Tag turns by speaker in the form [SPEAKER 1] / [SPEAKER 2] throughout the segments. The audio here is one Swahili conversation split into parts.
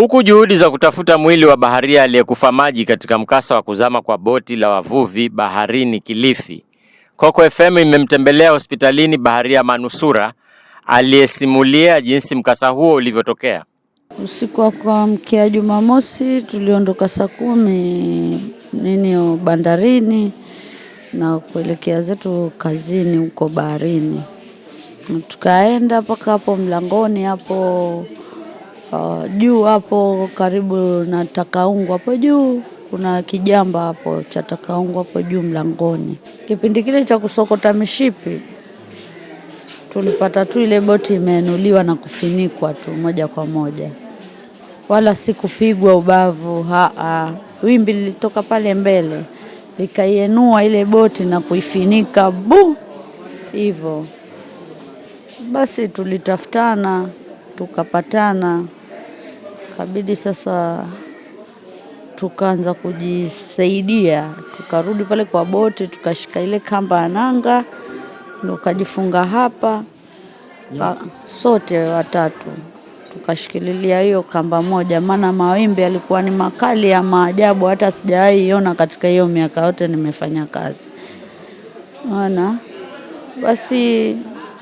[SPEAKER 1] Huku juhudi za kutafuta mwili wa baharia aliyekufa maji katika mkasa wa kuzama kwa boti la wavuvi baharini Kilifi, Coco FM imemtembelea hospitalini baharia manusura aliyesimulia jinsi mkasa huo ulivyotokea.
[SPEAKER 2] Usiku wa kuamkia Jumamosi tuliondoka saa kumi nini bandarini na kuelekea zetu kazini huko baharini, tukaenda mpaka hapo mlangoni hapo Uh, juu hapo karibu na Takaungu hapo juu kuna kijamba hapo cha Takaungu hapo juu mlangoni. Kipindi kile cha kusokota mishipi tulipata tu ile boti imeinuliwa na kufinikwa tu moja kwa moja, wala sikupigwa ubavu. Haa, wimbi lilitoka pale mbele likaienua ile boti na kuifinika bu hivyo. Basi tulitafutana tukapatana ikabidi sasa tukaanza kujisaidia, tukarudi pale kwa boti, tukashika ile kamba ya nanga, ndo kajifunga hapa ka, sote watatu tukashikililia hiyo kamba moja, maana mawimbi yalikuwa ni makali ya maajabu, hata sijawahi iona katika hiyo miaka yote nimefanya kazi. Maana basi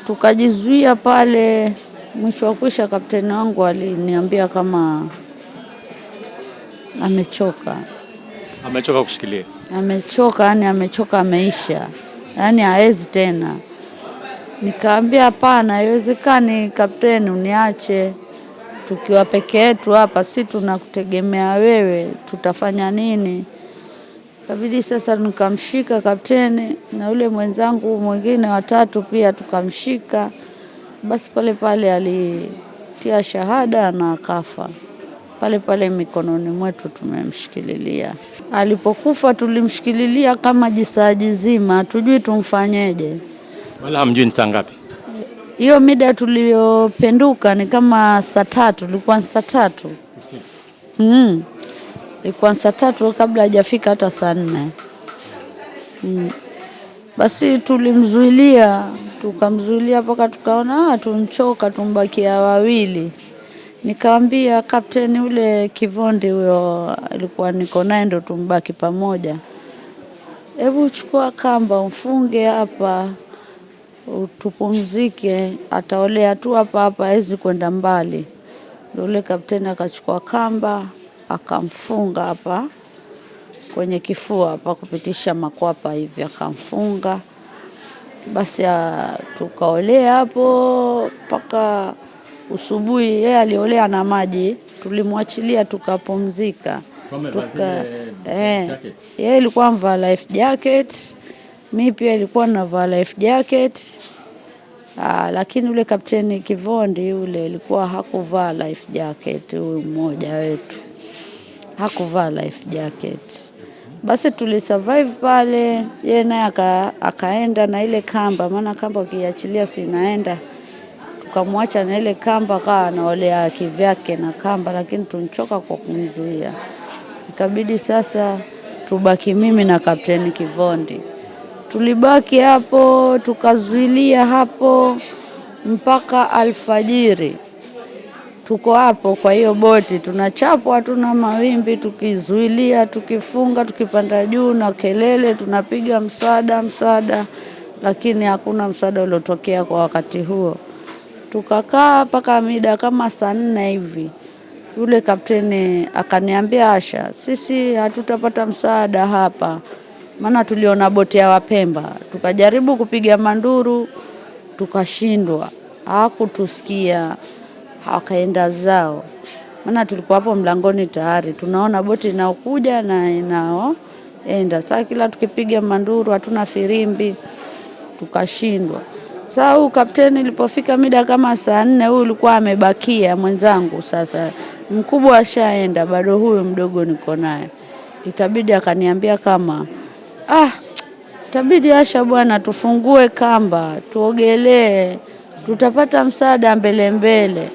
[SPEAKER 2] tukajizuia pale Mwisho wa kwisha, kapteni wangu aliniambia kama amechoka,
[SPEAKER 1] amechoka kushikilia,
[SPEAKER 2] amechoka yani, amechoka, ameisha yani, hawezi tena. Nikaambia hapana, haiwezekani kapteni, uniache tukiwa peke yetu hapa, si tunakutegemea wewe, tutafanya nini? Kabidi sasa nikamshika kapteni na ule mwenzangu mwingine watatu pia tukamshika basi pale pale alitia shahada na akafa pale pale mikononi mwetu tumemshikililia. Alipokufa tulimshikililia kama jisaji zima, tujui tumfanyeje,
[SPEAKER 1] wala hamjui ni saa ngapi.
[SPEAKER 2] Hiyo mida tuliyopenduka ni kama saa tatu, ilikuwa saa tatu mm. ilikuwa saa tatu kabla hajafika hata saa nne mm. Basi tulimzuilia tukamzuilia mpaka tukaona ah, tumchoka, tumbakia wawili. Nikamwambia kapteni ule Kivondi huyo alikuwa niko naye, ndo tumbaki pamoja, hebu chukua kamba umfunge hapa tupumzike, ataolea tu hapa hapa, hawezi kwenda mbali. ule kapteni akachukua kamba akamfunga hapa kwenye kifua hapa kupitisha makwapa hivi, akamfunga basi tukaolea hapo mpaka usubuhi. Yeye aliolea na maji, tulimwachilia tukapumzika.
[SPEAKER 1] Tuka, eh,
[SPEAKER 2] yeye ilikuwa mvaa life jacket, mi pia ilikuwa navaa life jacket. Aa, lakini ule kapteni Kivondi ule alikuwa hakuvaa life jacket, huyu mmoja wetu hakuvaa life jacket. Basi tulisurvive pale, yeye naye akaenda na ile kamba, maana kamba ukiachilia sinaenda tukamwacha na ile kamba, kaa anaolea kivyake na kamba, lakini tunchoka kwa kumzuia. Ikabidi sasa tubaki mimi na Kapteni Kivondi. Tulibaki hapo tukazuilia hapo mpaka alfajiri tuko hapo. Kwa hiyo boti tunachapwa, hatuna mawimbi, tukizuilia, tukifunga, tukipanda juu na kelele, tunapiga msaada, msaada, lakini hakuna msaada uliotokea kwa wakati huo. Tukakaa mpaka mida kama saa nne hivi, yule kapteni akaniambia, Asha, sisi hatutapata msaada hapa, maana tuliona boti ya Wapemba, tukajaribu kupiga manduru, tukashindwa, hakutusikia wakaenda zao, maana tulikuwa hapo mlangoni tayari tunaona boti inaokuja na inaoenda. Saa kila tukipiga manduru hatuna firimbi, tukashindwa. Saa huu kapteni ilipofika mida kama saa nne, huyu ulikuwa amebakia mwenzangu. Sasa mkubwa ashaenda, bado huyu mdogo niko naye, ikabidi akaniambia kama ah, tabidi Asha bwana, tufungue kamba tuogelee, tutapata msaada mbele mbele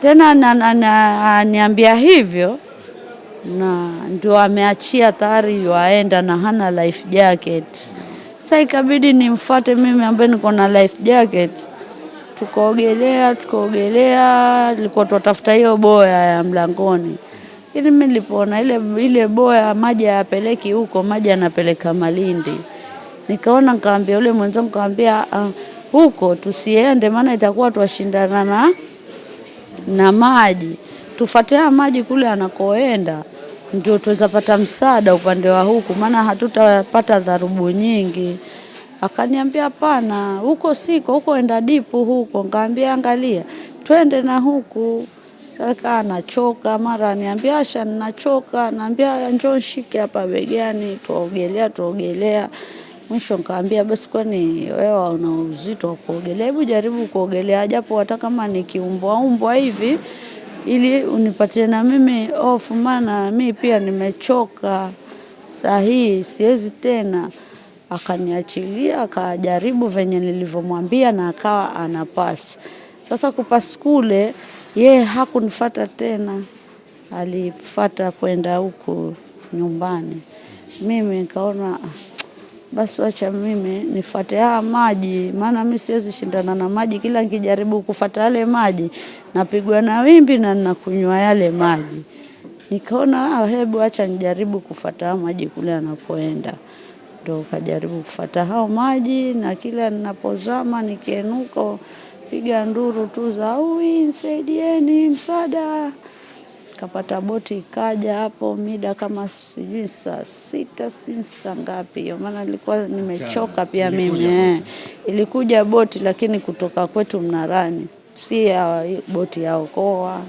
[SPEAKER 2] tena ananiambia hivyo, na ndio ameachia tayari, yuaenda na hana life jacket. Sasa ikabidi nimfuate mimi ambaye niko na life jacket, tukaogelea tukaogelea, nilikuwa twatafuta hiyo boya ya mlangoni, ili mimi nilipoona ile ile boya maji hayapeleki huko, maji yanapeleka Malindi, nikaona nikaambia ule mwenzangu, kaambia ah, huko tusiende, maana itakuwa twashindana na na maji, tufuate maji kule anakoenda, ndio tuweza pata msaada upande wa huku, maana hatutapata dharubu nyingi. Akaniambia hapana, huko siko huko, enda dipu huko. Nkaambia angalia, twende na huku Kaka anachoka mara niambia Asha, ninachoka. Naambia njoo nshike hapa begani, tuogelea tuogelea. Mwisho nikaambia basi, kwani wewe una uzito wa kuogelea? Hebu jaribu kuogelea, japo hata kama ni kiumbwa umbwa hivi, ili unipatie na mimi ofu, maana mi pia nimechoka sahihi siwezi tena. Akaniachilia, akajaribu venye nilivyomwambia, na akawa anapasi. Sasa kupasi kule, ye hakunifata tena, alifata kwenda huku nyumbani. Mimi nikaona ah, basi wacha mimi nifuate haya maji, maana mimi siwezi shindana na maji. Kila nikijaribu kufuata yale maji napigwa na wimbi na ninakunywa yale maji. Nikaona ah, hebu acha nijaribu kufuata maji kule anapoenda, ndo kajaribu kufuata hao maji, na kila ninapozama nikienuko piga nduru tu za uwi, nisaidieni, msaada. Kapata boti ikaja hapo mida kama sijui saa sita sijui saa ngapi hiyo, maana nilikuwa nimechoka pia mimi eh. Ilikuja boti lakini kutoka kwetu Mnarani, si ya boti ya Okoa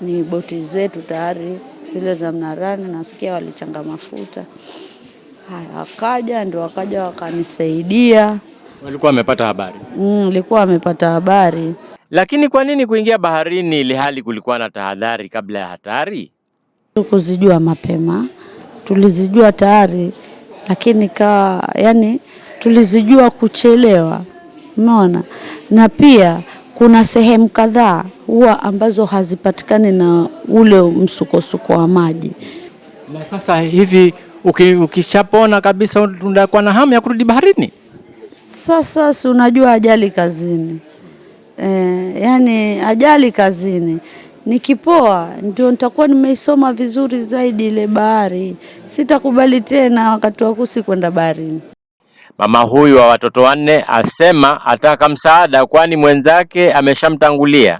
[SPEAKER 2] ni boti zetu tayari zile za Mnarani, nasikia walichanga mafuta haya. Wakaja ndio wakaja wakanisaidia,
[SPEAKER 1] walikuwa wamepata habari
[SPEAKER 2] mm, walikuwa wamepata habari
[SPEAKER 1] lakini kwa nini kuingia baharini ili hali kulikuwa na tahadhari kabla ya hatari?
[SPEAKER 2] Tukuzijua mapema, tulizijua tayari, lakini ka yani tulizijua kuchelewa, umeona. Na pia kuna sehemu kadhaa huwa ambazo hazipatikani na ule msukosuko wa maji.
[SPEAKER 1] Na sasa hivi ukishapona kabisa, unakuwa na hamu ya kurudi baharini?
[SPEAKER 2] Sasa si unajua ajali kazini eh, yani ajali kazini. Nikipoa ndio nitakuwa nimeisoma vizuri zaidi ile bahari, sitakubali tena wakati wa kusi kwenda baharini.
[SPEAKER 1] Mama huyu wa watoto wanne asema ataka msaada, kwani mwenzake ameshamtangulia.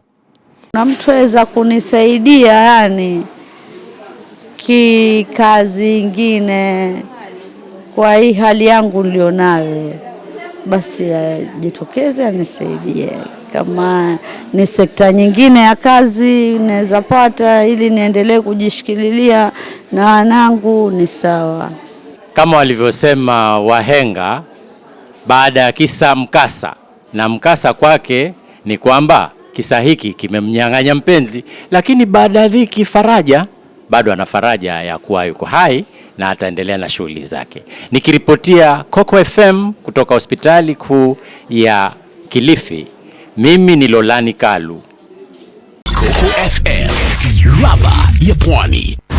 [SPEAKER 2] Na mtu aweza kunisaidia yani kikazi ingine kwa hii hali yangu nilionayo, basi ajitokeze anisaidie kama ni sekta nyingine ya kazi naweza pata ili niendelee kujishikililia na wanangu, ni sawa.
[SPEAKER 1] Kama walivyosema wahenga, baada ya kisa mkasa, na mkasa kwake ni kwamba kisa hiki kimemnyang'anya mpenzi, lakini baada ya dhiki faraja, bado ana faraja ya kuwa yuko hai na ataendelea na shughuli zake. Nikiripotia Coco FM kutoka hospitali kuu ya Kilifi. Mimi ni Lolani Kalu, Coco FM, ladha ya Pwani.